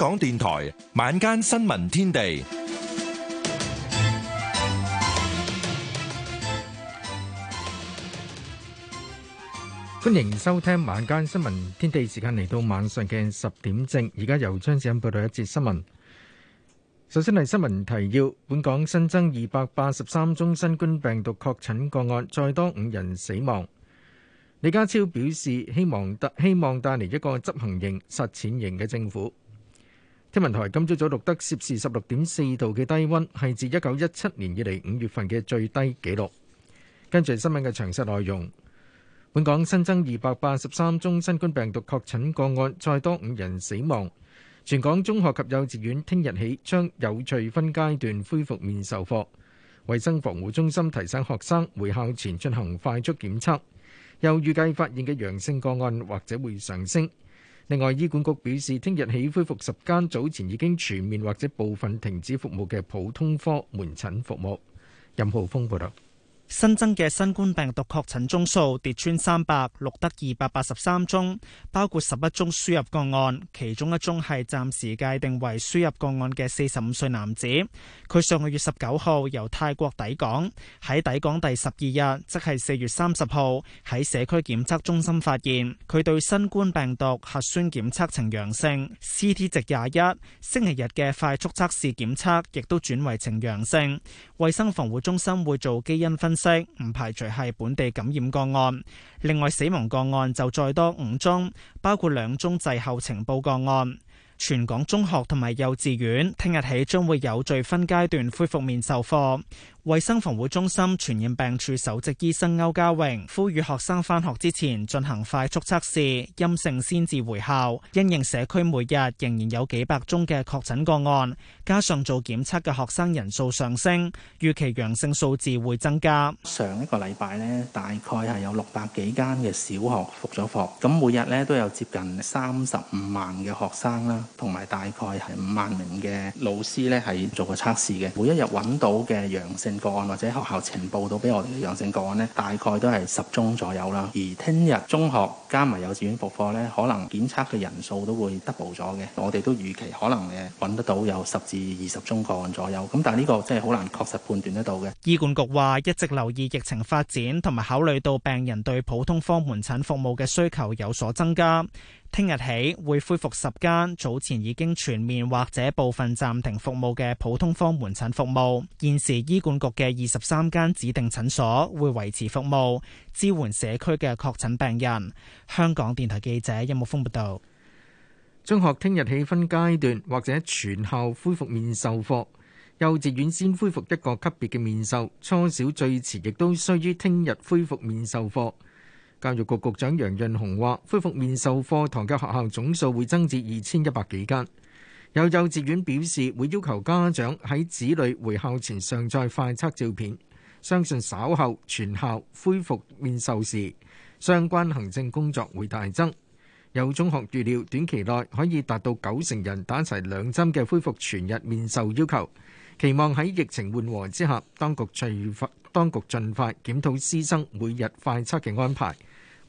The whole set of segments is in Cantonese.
港電台晚間新聞天地，歡迎收聽晚間新聞天地。時間嚟到晚上嘅十點正，而家由張子欣報道一節新聞。首先係新聞提要：本港新增二百八十三宗新冠病毒確診個案，再多五人死亡。李家超表示希，希望帶希望帶嚟一個執行型、實踐型嘅政府。天文台今朝早錄得攝氏十六點四度嘅低温，係自一九一七年以嚟五月份嘅最低紀錄。跟住係新聞嘅詳細內容：本港新增二百八十三宗新冠病毒確診個案，再多五人死亡。全港中學及幼稚園聽日起將有序分階段恢復面授課。衛生防護中心提醒學生回校前進行快速檢測，又預計發現嘅陽性個案或者會上升。另外，醫管局表示，聽日起恢復十間早前已經全面或者部分停止服務嘅普通科門診服務。任浩峰報道。新增嘅新冠病毒確診宗數跌穿三百，錄得二百八十三宗，包括十一宗輸入個案，其中一宗係暫時界定為輸入個案嘅四十五歲男子。佢上個月十九號由泰國抵港，喺抵港第十二日，即係四月三十號喺社區檢測中心發現佢對新冠病毒核酸檢測呈陽性，CT 值廿一，星期日嘅快速測試檢測亦都轉為呈陽性。衛生防護中心會做基因分。唔排除係本地感染個案。另外，死亡個案就再多五宗，包括兩宗滯後呈報個案。全港中學同埋幼稚園，聽日起將會有序分階段恢復面授課。衛生防護中心傳染病處首席醫生歐家榮呼籲學生返學之前進行快速測試，陰性先至回校。因應社區每日仍然有幾百宗嘅確診個案，加上做檢測嘅學生人數上升，預期陽性數字會增加。上一個禮拜呢，大概係有六百幾間嘅小學復咗課，咁每日呢都有接近三十五萬嘅學生啦，同埋大概係五萬名嘅老師呢係做過測試嘅，每一日揾到嘅陽性。個案或者學校呈報到俾我哋嘅陽性個案呢，大概都係十宗左右啦。而聽日中學加埋幼稚園復課呢，可能檢測嘅人數都會 double 咗嘅。我哋都預期可能誒，揾得到有十至二十宗個案左右。咁但係呢個真係好難確實判斷得到嘅。醫管局話一直留意疫情發展，同埋考慮到病人對普通科門診服務嘅需求有所增加。聽日起會恢復十間早前已經全面或者部分暫停服務嘅普通科門診服務。現時醫管局嘅二十三間指定診所會維持服務，支援社區嘅確診病人。香港電台記者任木峰報道。中學聽日起分階段或者全校恢復面授課，幼稚園先恢復一個級別嘅面授，初小最遲亦都須於聽日恢復面授課。教育局局長楊潤雄話，恢復面授課堂嘅學校總數會增至二千一百幾間。有幼稚園表示會要求家長喺子女回校前上載快測照片。相信稍後全校恢復面授時，相關行政工作會大增。有中學預料短期內可以達到九成人打齊兩針嘅恢復全日面授要求。期望喺疫情緩和之下，當局最快當局盡快檢討師生每日快測嘅安排。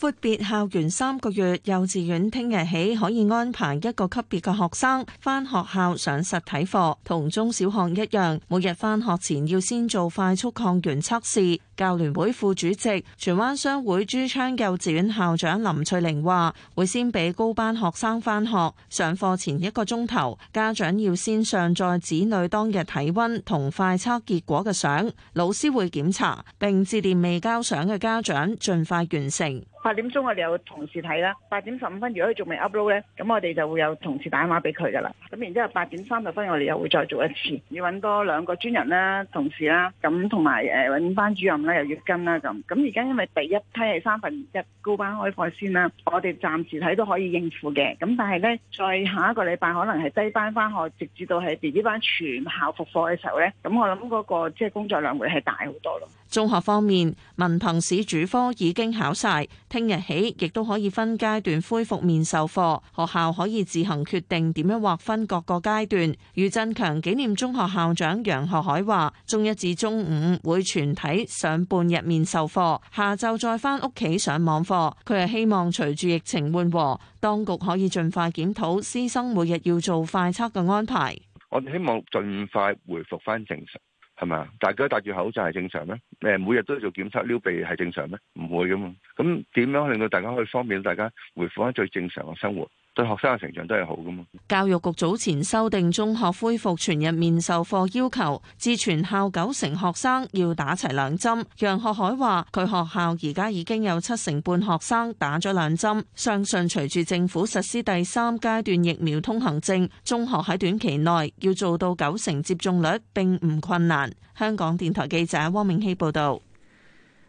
闊別校園三個月，幼稚園聽日起可以安排一個級別嘅學生返學校上實體課，同中小學一樣，每日返學前要先做快速抗原測試。教聯會副主席、荃灣商會朱昌幼稚園校長林翠玲話，會先俾高班學生返學上課前一個鐘頭，家長要先上載子女當日體溫同快測結果嘅相，老師會檢查，並致電未交相嘅家長，盡快完成。八點鐘我哋有同事睇啦，八點十五分如果佢仲未 upload 咧，咁我哋就會有同事打電話俾佢噶啦。咁然之後八點三十分我哋又會再做一次，要揾多兩個專人啦、同事啦，咁同埋誒揾班主任啦、又要跟啦咁。咁而家因為第一批係三分一高班開課先啦，我哋暫時睇都可以應付嘅。咁但係咧，再下一個禮拜可能係低班翻學，直至到係 B B 班全校復課嘅時候咧，咁我諗嗰個即係工作量會係大好多咯。中學方面，文憑試主科已經考晒。聽日起，亦都可以分階段恢復面授課，學校可以自行決定點樣劃分各個階段。余振強紀念中學校長楊學海話，中一至中五會全體上半日面授課，下晝再翻屋企上網課。佢係希望隨住疫情緩和，當局可以盡快檢討師生每日要做快測嘅安排。我哋希望盡快回復翻正常。係嘛？大家戴住口罩係正常咩？誒，每日都要做檢測、撩鼻係正常咩？唔會噶嘛。咁點樣令到大家可以方便大家回復翻最正常嘅生活？對學生嘅成長都係好㗎嘛？教育局早前修訂中學恢復全日面授課要求，至全校九成學生要打齊兩針。楊學海話：佢學校而家已經有七成半學生打咗兩針。相信隨住政府實施第三階段疫苗通行證，中學喺短期內要做到九成接種率並唔困難。香港電台記者汪明希報導。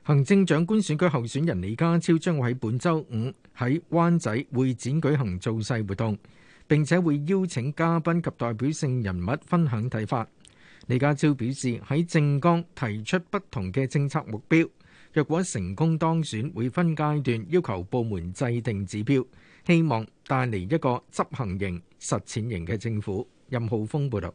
行政長官選舉候選人李家超將會喺本周五喺灣仔會展舉行造勢活動，並且會邀請嘉賓及代表性人物分享睇法。李家超表示，喺政綱提出不同嘅政策目標，若果成功當選，會分階段要求部門制定指標，希望帶嚟一個執行型、實踐型嘅政府。任浩峰報道。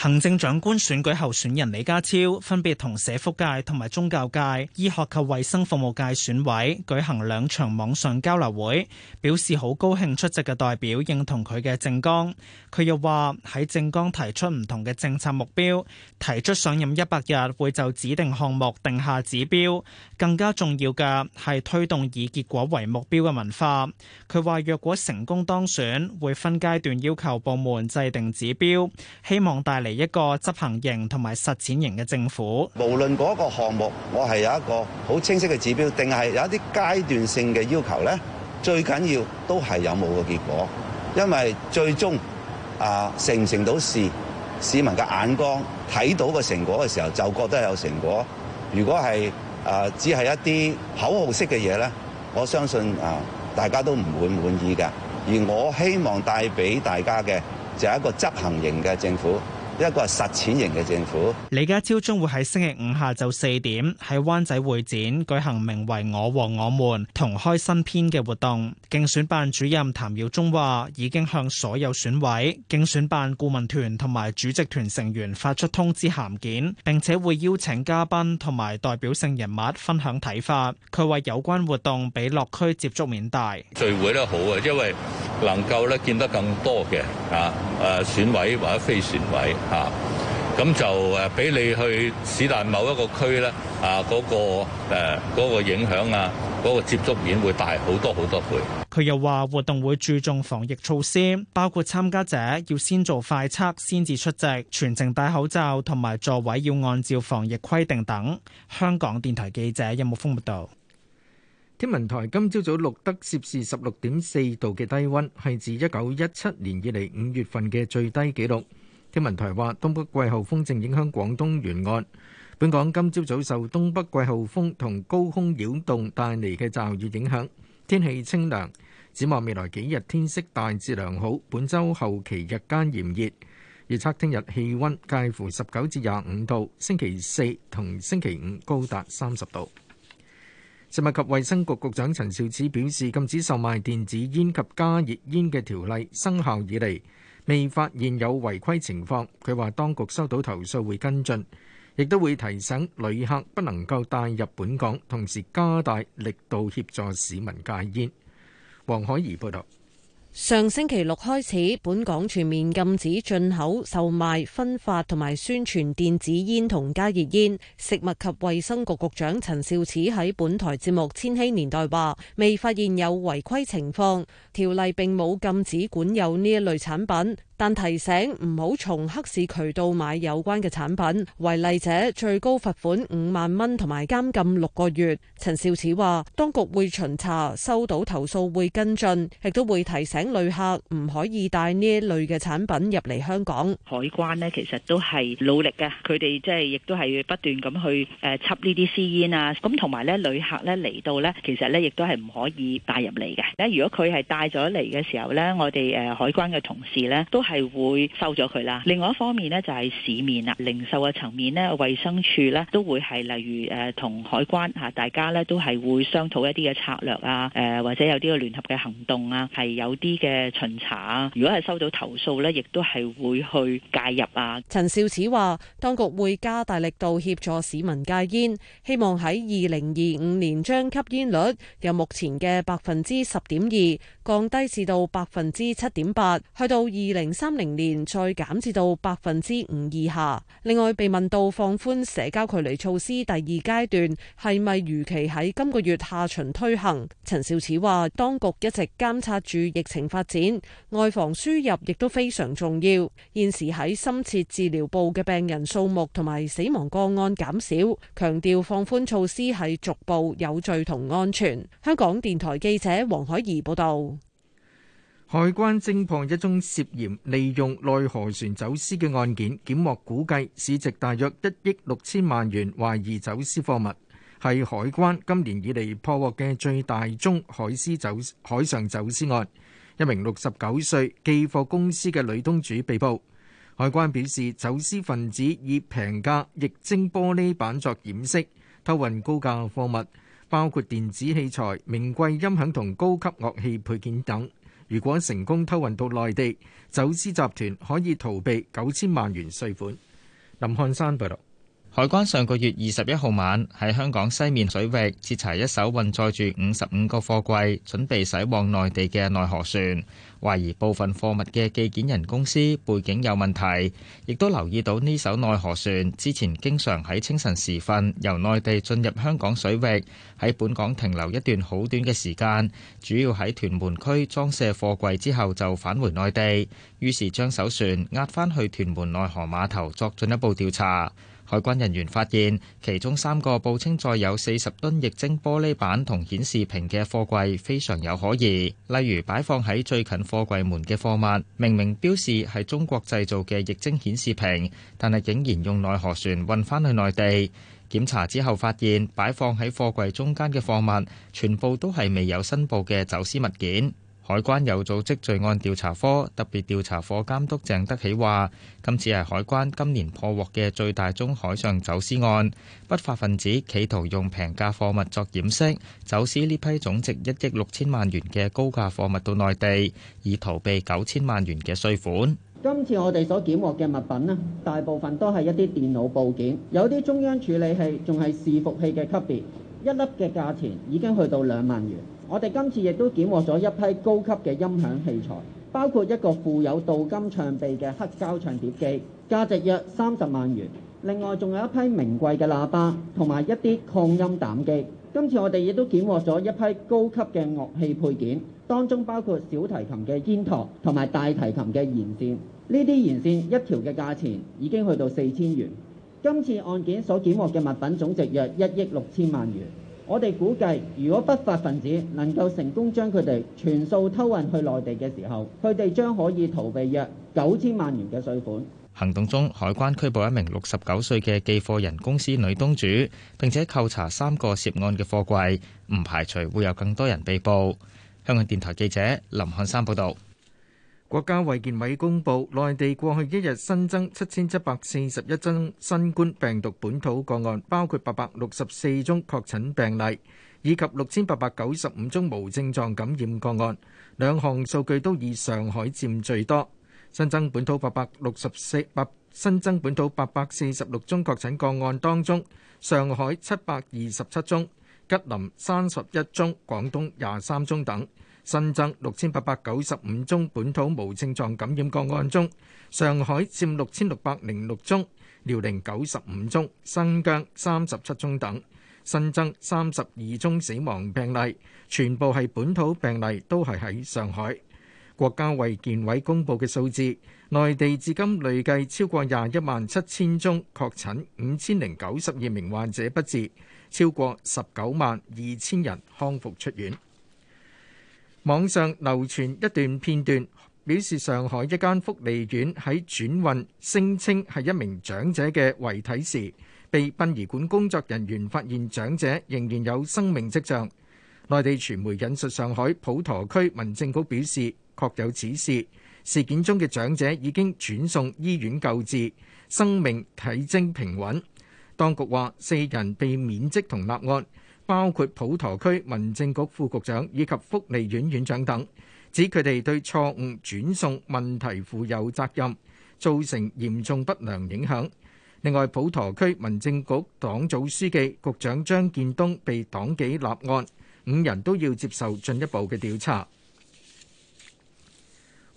行政長官選舉候選人李家超分別同社福界、同埋宗教界、醫學及衛生服務界選委舉行兩場網上交流會，表示好高興出席嘅代表認同佢嘅政綱。佢又話喺政綱提出唔同嘅政策目標，提出上任一百日會就指定項目定下指標，更加重要嘅係推動以結果為目標嘅文化。佢話若果成功當選，會分階段要求部門制定指標，希望帶嚟。係一個執行型同埋實踐型嘅政府。無論嗰個項目，我係有一個好清晰嘅指標定係有一啲階段性嘅要求咧，最緊要都係有冇個結果。因為最終啊、呃、成唔成到事，市民嘅眼光睇到個成果嘅時候，就覺得有成果。如果係啊、呃、只係一啲口號式嘅嘢咧，我相信啊、呃、大家都唔會滿意嘅。而我希望帶俾大家嘅就係、是、一個執行型嘅政府。一個係實踐型嘅政府。李家超將會喺星期五下晝四點喺灣仔會展舉行，名為《我和我們同開新篇》嘅活動。競選辦主任譚耀宗話：已經向所有選委、競選辦顧問團同埋主席團成員發出通知函件，並且會邀請嘉賓同埋代表性人物分享睇法。佢為有關活動俾落區接觸面大聚會都好啊，因為能夠咧見得更多嘅啊誒選委或者非選委。嚇咁就誒，俾你去史但某一個區咧，啊嗰個誒嗰個影響啊，嗰個接觸面會大好多好多倍。佢又話活動會注重防疫措施，包括參加者要先做快測先至出席，全程戴口罩，同埋座位要按照防疫規定等。香港電台記者任木峰報道。天文台今朝早錄得攝氏十六點四度嘅低温，係自一九一七年以嚟五月份嘅最低紀錄。天文台話，東北季候風正影響廣東沿岸。本港今朝早受東北季候風同高空擾動帶嚟嘅驟雨影響，天氣清涼。展望未來幾日天色大致良好，本週後期日間炎熱。預測聽日氣温介乎十九至廿五度，星期四同星期五高達三十度。食物及衛生局局長陳肇始表示，禁止售賣電子煙及加熱煙嘅條例生效以嚟，未發現有違規情況，佢話當局收到投訴會跟進，亦都會提醒旅客不能夠帶入本港，同時加大力度協助市民戒煙。黃海怡報道。上星期六開始，本港全面禁止進口、售賣、分發同埋宣傳電子煙同加熱煙。食物及衛生局局長陳肇始喺本台節目《千禧年代》話：未發現有違規情況，條例並冇禁止管有呢一類產品。但提醒唔好從黑市渠道買有關嘅產品，違例者最高罰款五萬蚊同埋監禁六個月。陳肇始話當局會巡查，收到投訴會跟進，亦都會提醒旅客唔可以帶呢一類嘅產品入嚟香港。海關咧其實都係努力嘅，佢哋即係亦都係不斷咁去誒緝呢啲私煙啊，咁同埋咧旅客咧嚟到咧，其實咧亦都係唔可以帶入嚟嘅。如果佢係帶咗嚟嘅時候咧，我哋誒海關嘅同事咧都。係會收咗佢啦。另外一方面呢，就係市面啊，零售嘅層面呢，衛生署呢，都會係例如誒同、呃、海關吓，大家呢都係會商討一啲嘅策略啊，誒、呃、或者有啲個聯合嘅行動啊，係有啲嘅巡查啊。如果係收到投訴呢，亦都係會去介入啊。陳肇始話，當局會加大力度協助市民戒煙，希望喺二零二五年將吸煙率由目前嘅百分之十點二降低至到百分之七點八，去到二零，三零年再減至到百分之五以下。另外，被問到放寬社交距離措施第二階段係咪如期喺今個月下旬推行，陳肇始話：當局一直監察住疫情發展，外防輸入亦都非常重要。現時喺深切治療部嘅病人數目同埋死亡個案減少，強調放寬措施係逐步有序同安全。香港電台記者黃海怡報道。海關偵破一宗涉嫌利用內河船走私嘅案件，檢獲估計市值大約一億六千萬元，懷疑走私貨物係海關今年以嚟破獲嘅最大宗海私走海上走私案。一名六十九歲寄貨公司嘅女東主被捕。海關表示，走私分子以平價液晶玻璃板作掩飾，偷運高價貨物，包括電子器材、名貴音響同高級樂器配件等。如果成功偷運到內地，走私集團可以逃避九千萬元稅款。林漢山報道。海關上個月二十一號晚喺香港西面水域截查一艘運載住五十五個貨櫃，準備駛往內地嘅內河船，懷疑部分貨物嘅寄件人公司背景有問題，亦都留意到呢艘內河船之前經常喺清晨時分由內地進入香港水域，喺本港停留一段好短嘅時間，主要喺屯門區裝卸貨櫃之後就返回內地。於是將艘船押返去屯門內河碼頭作進一步調查。海關人員發現其中三個報稱載有四十噸液晶玻璃板同顯示屏嘅貨櫃非常有可疑，例如擺放喺最近貨櫃門嘅貨物明明標示係中國製造嘅液晶顯示屏，但係竟然用內河船運翻去內地。檢查之後，發現擺放喺貨櫃中間嘅貨物全部都係未有申報嘅走私物件。海關有組織罪案調查科特別調查課監督鄭德喜話：今次係海關今年破獲嘅最大宗海上走私案。不法分子企圖用平價貨物作掩飾，走私呢批總值一億六千萬元嘅高價貨物到內地，以逃避九千萬元嘅稅款。今次我哋所檢獲嘅物品呢，大部分都係一啲電腦部件，有啲中央處理器仲係伺服器嘅級別，一粒嘅價錢已經去到兩萬元。我哋今次亦都檢獲咗一批高級嘅音響器材，包括一個富有鍍金唱臂嘅黑膠唱碟機，價值約三十萬元。另外，仲有一批名貴嘅喇叭同埋一啲擴音膽機。今次我哋亦都檢獲咗一批高級嘅樂器配件，當中包括小提琴嘅肩托同埋大提琴嘅弦線。呢啲弦線一條嘅價錢已經去到四千元。今次案件所檢獲嘅物品總值約一億六千萬元。我哋估計，如果不法分子能夠成功將佢哋全數偷運去內地嘅時候，佢哋將可以逃避約九千萬元嘅稅款。行動中，海關拘捕一名六十九歲嘅寄貨人公司女東主，並且扣查三個涉案嘅貨櫃，唔排除會有更多人被捕。香港電台記者林漢山報道。國家衛健委公布，內地過去一日新增七千七百四十一宗新冠病毒本土個案，包括八百六十四宗確診病例以及六千八百九十五宗無症狀感染個案。兩項數據都以上海佔最多。新增本土八百六十四八新增本土八百四十六宗確診個案當中，上海七百二十七宗，吉林三十一宗，廣東廿三宗等。新增六千八百九十五宗本土無症狀感染個案中，上海佔六千六百零六宗，遼寧九十五宗，新疆三十七宗等。新增三十二宗死亡病例，全部係本土病例，都係喺上海。國家衛健委公布嘅數字，內地至今累計超過廿一萬七千宗確診，五千零九十二名患者不治，超過十九萬二千人康復出院。網上流傳一段片段，表示上海一間福利院喺轉運聲稱係一名長者嘅遺體時，被殯儀館工作人員發現長者仍然有生命跡象。內地傳媒引述上海普陀區民政局表示，確有此事。事件中嘅長者已經轉送醫院救治，生命體徵平穩。當局話四人被免職同立案。包括普陀區民政局副局長以及福利院院長等，指佢哋對錯誤轉送問題負有責任，造成嚴重不良影響。另外，普陀區民政局黨組書記、局長張建東被黨紀立案，五人都要接受進一步嘅調查。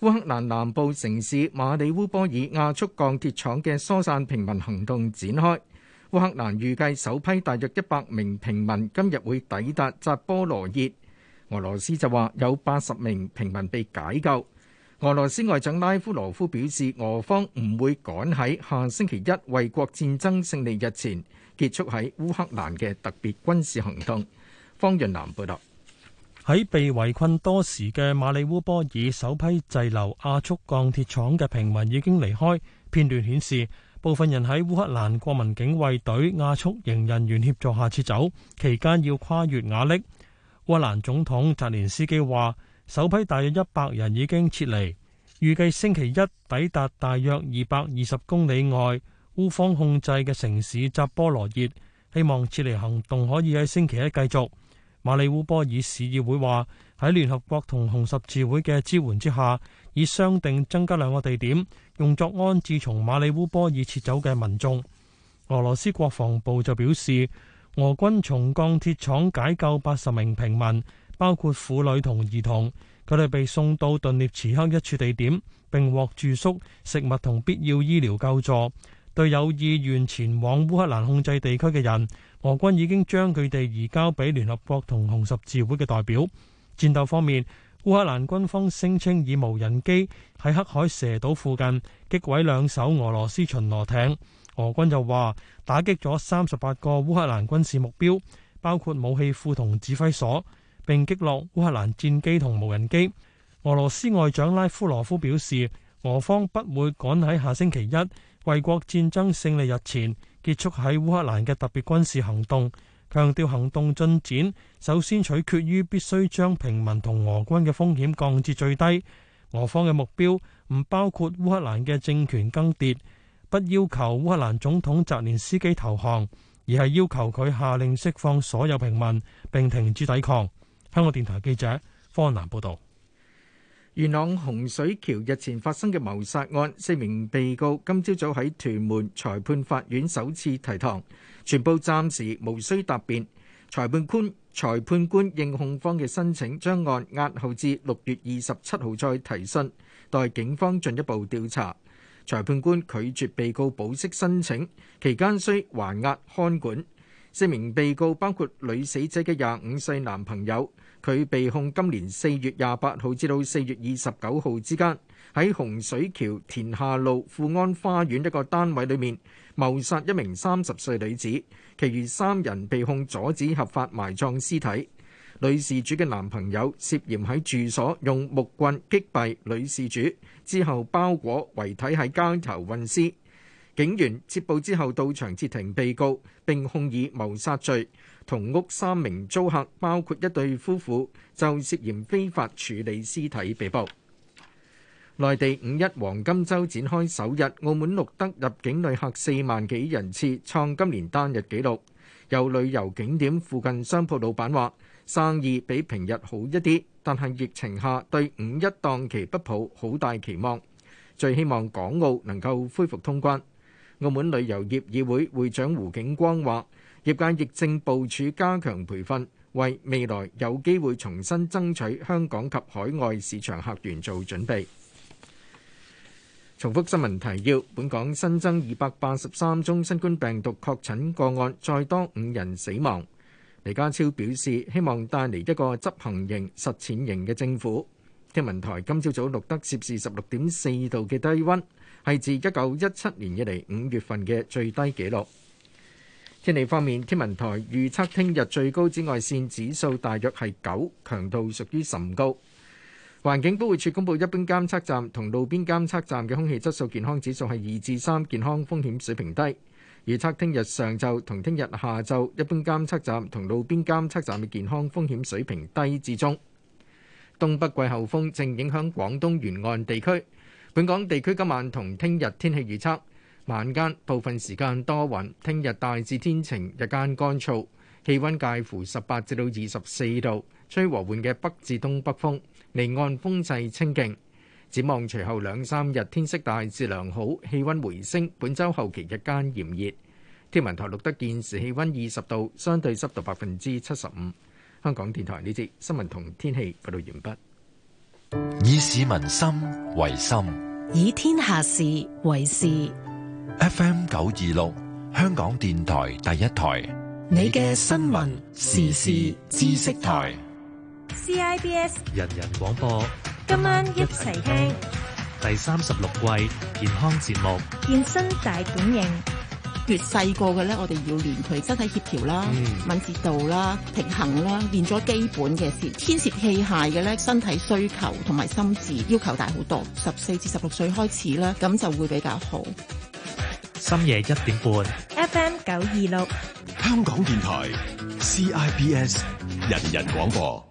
烏克蘭南部城市馬里烏波爾亞速鋼鐵廠嘅疏散平民行動展開。烏克蘭預計首批大約一百名平民今日會抵達扎波羅熱，俄羅斯就話有八十名平民被解救。俄羅斯外長拉夫羅夫表示，俄方唔會趕喺下星期一衛國戰爭勝利日前結束喺烏克蘭嘅特別軍事行動。方潤南報道：喺被圍困多時嘅馬里烏波爾，首批滯留亞速鋼鐵廠嘅平民已經離開。片段顯示，部分人喺烏克蘭國民警衛隊、亞速營人員協助下撤走，期間要跨越瓦礫。烏克蘭總統澤連斯基話，首批大約一百人已經撤離，預計星期一抵達大約二百二十公里外烏方控制嘅城市扎波羅熱，希望撤離行動可以喺星期一繼續。馬里烏波爾市議會話。喺聯合國同紅十字會嘅支援之下，已商定增加兩個地點，用作安置從馬里烏波爾撤走嘅民眾。俄羅斯國防部就表示，俄軍從鋼鐵廠解救八十名平民，包括婦女同兒童。佢哋被送到頓涅茨克一處地點，並獲住宿、食物同必要醫療救助。對有意願前往烏克蘭控制地區嘅人，俄軍已經將佢哋移交俾聯合國同紅十字會嘅代表。戰鬥方面，烏克蘭軍方聲稱以無人機喺黑海蛇島附近擊毀兩艘俄羅斯巡邏艇。俄軍就話打擊咗三十八個烏克蘭軍事目標，包括武器庫同指揮所，並擊落烏克蘭戰機同無人機。俄羅斯外長拉夫羅夫表示，俄方不會趕喺下星期一衛國戰爭勝利日前結束喺烏克蘭嘅特別軍事行動。強調行動進展，首先取決於必須將平民同俄軍嘅風險降至最低。俄方嘅目標唔包括烏克蘭嘅政權更迭，不要求烏克蘭總統澤連斯基投降，而係要求佢下令釋放所有平民並停止抵抗。香港電台記者方南報道。元朗洪水橋日前發生嘅謀殺案，四名被告今朝早喺屯門裁判法院首次提堂。全部暫時無需答辯。裁判官裁判官應控方嘅申請，將案押後至六月二十七號再提訊，待警方進一步調查。裁判官拒絕被告保釋申請，期間需還押看管。四名被告包括女死者嘅廿五歲男朋友。佢被控今年四月廿八號至到四月二十九號之間，喺洪水橋田下路富安花園一個單位裏面，謀殺一名三十歲女子。其餘三人被控阻止合法埋葬屍體。女事主嘅男朋友涉嫌喺住所用木棍擊斃女事主，之後包裹遺體喺街頭運屍。警員接報之後到場截停被告，並控以謀殺罪。同屋三名租客，包括一對夫婦，就涉嫌非法處理屍體被捕。內地五一黃金週展開首日，澳門錄得入境旅客四萬幾人次，創今年單日紀錄。有旅遊景點附近商鋪老闆話，生意比平日好一啲，但係疫情下對五一檔期不抱好大期望。最希望港澳能夠恢復通關。澳門旅遊業議會會長胡景光話。業界亦正部署加強培訓，為未來有機會重新爭取香港及海外市場客源做準備。重複新聞提要：本港新增二百八十三宗新冠病毒確診個案，再多五人死亡。李家超表示希望帶嚟一個執行型、實踐型嘅政府。天文台今朝早錄得攝氏十六點四度嘅低溫，係自一九一七年以嚟五月份嘅最低紀錄。天氣方面，天文台預測聽日最高紫外線指數大約係九，強度屬於甚高。環境保護署公布，一般監測站同路邊監測站嘅空氣質素健康指數係二至三，健康風險水平低。預測聽日上晝同聽日下晝，一般監測站同路邊監測站嘅健康風險水平低至中。東北季候風正影響廣東沿岸地區，本港地區今晚同聽日天氣預測。晚間部分時間多雲，聽日大致天晴，日間乾燥，氣溫介乎十八至到二十四度，吹和緩嘅北至東北風，離岸風勢清勁。展望隨後兩三日天色大致良好，氣溫回升，本周後期日間炎熱。天文台錄得現時氣溫二十度，相對濕度百分之七十五。香港電台呢節新聞同天氣報道完畢。以市民心為心，以天下事為事。F.M. 九二六，香港電台第一台，你嘅新聞時事知識台 C.I.B.S. 人人廣播，今晚,今晚一齊聽第三十六季健康節目《健身大本營》。越細個嘅咧，我哋要練佢身體協調啦、嗯、敏捷度啦、平衡啦，練咗基本嘅事。牽涉器械嘅咧，身體需求同埋心智要求大好多。十四至十六歲開始啦，咁就會比較好。深夜一點半，FM 九二六，香港電台 CIBS 人人廣播，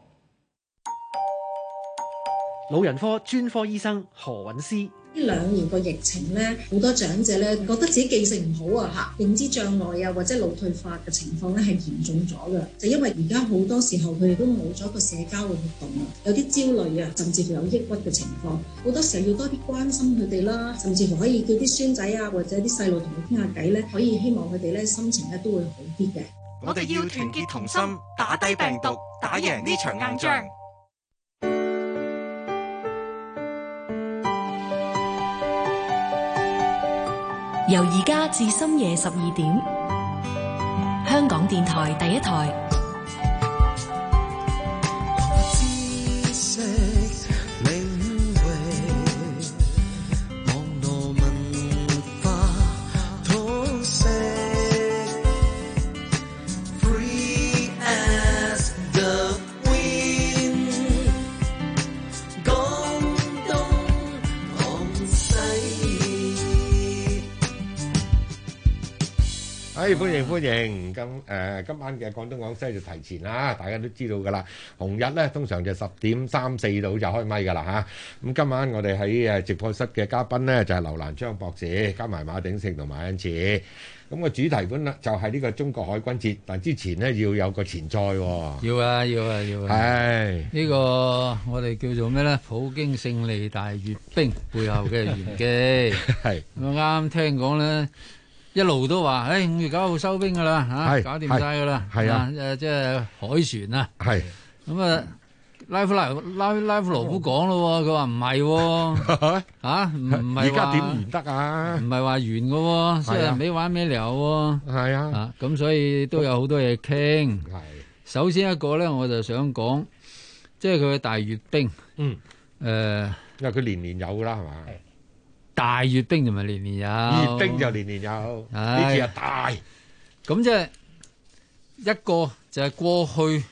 老人科專科醫生何韻詩。呢兩年個疫情咧，好多長者咧覺得自己記性唔好啊嚇，認知障礙啊，或者腦退化嘅情況咧係嚴重咗嘅，就因為而家好多時候佢哋都冇咗個社交嘅活動啊，有啲焦慮啊，甚至乎有抑鬱嘅情況，好多時候要多啲關心佢哋啦，甚至乎可以叫啲孫仔啊或者啲細路同佢傾下偈咧，可以希望佢哋咧心情咧都會好啲嘅。我哋要團結同心，打低病毒，打贏呢場硬仗。硬由而家至深夜十二點，香港電台第一台。哎，歡迎歡迎！今誒今晚嘅廣東廣西就提前啦，大家都知道噶啦。紅日咧通常就十點三四度就開咪噶啦嚇。咁今晚我哋喺誒直播室嘅嘉賓咧就係劉瀾昌博士，加埋馬鼎盛同馬恩子。咁個主題本就係呢個中國海軍節，但係之前咧要有個前菜喎。要啊，要啊，要。係呢個我哋叫做咩咧？普京勝利大閱兵背後嘅玄機係。我啱啱聽講咧。一路都話，誒，五月九號收兵噶啦，吓，搞掂晒噶啦，誒，即係海船啊，咁啊，拉夫拉拉拉夫羅夫講咯，佢話唔係，吓，唔係，而家點唔得啊？唔係話完噶，即係唔玩咩料喎，係啊，咁所以都有好多嘢傾。係，首先一個咧，我就想講，即係佢嘅大閱兵，嗯，誒，因為佢年年有噶啦，係嘛。大閱兵就咪年年有，閱兵就年年有。呢次又大，咁即係一個就係過去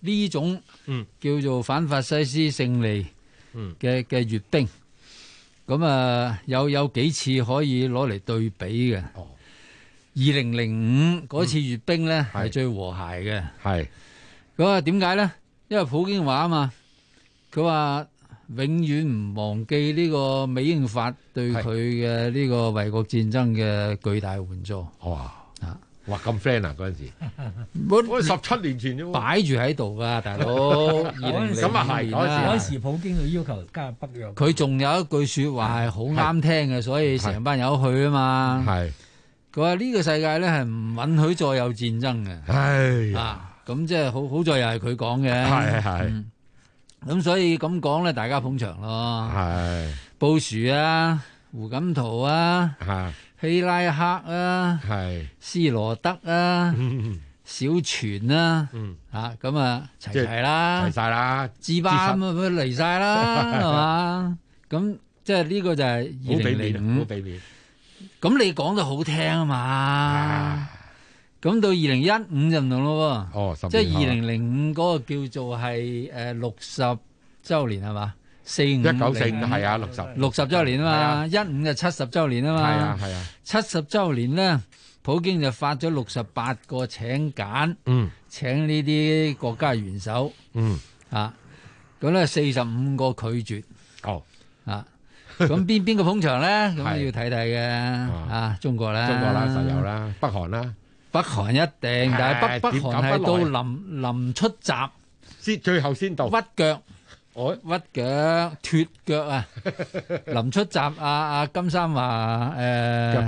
呢種叫做反法西斯勝利嘅嘅閱兵，咁啊有有幾次可以攞嚟對比嘅。二零零五嗰次閱兵咧係最和諧嘅，係。咁啊點解咧？因為普京話啊嘛，佢話。永遠唔忘記呢個美英法對佢嘅呢個衛國戰爭嘅巨大援助。哇！哇咁 friend 啊，嗰陣時，我十七年前啫，擺住喺度㗎大佬。咁啊係。嗰時普京佢要求加入北約。佢仲有一句說話係好啱聽嘅，所以成班友去啊嘛。係。佢話呢個世界咧係唔允許再有戰爭嘅。唉。啊，咁即係好，好在又係佢講嘅。係係。咁所以咁講咧，大家捧場咯。係布殊啊，胡錦濤啊，希拉克啊，斯羅德啊，小泉啊，嚇咁啊齊齊啦，齊晒啦，資班咁啊嚟晒啦，係嘛？咁即係呢個就係二零零五。好俾面，好俾面。咁你講得好聽啊嘛。咁到二零一五就唔同咯，即係二零零五嗰個叫做係誒六十周年係嘛？一九四五係啊，六十六十周年啊嘛，一五就七十周年啊嘛。係啊係啊，七十周年咧，普京就發咗六十八個請柬，嗯，請呢啲國家元首，嗯啊，咁咧四十五個拒絕，哦啊，咁邊邊個捧場咧？咁要睇睇嘅啊，中國啦，中國啦，石油啦，北韓啦。北韓一定，啊、但係北北韓係到臨臨出閘先，最後先到屈腳，我屈腳脫腳啊！臨出閘，啊，阿、啊、金生話誒。呃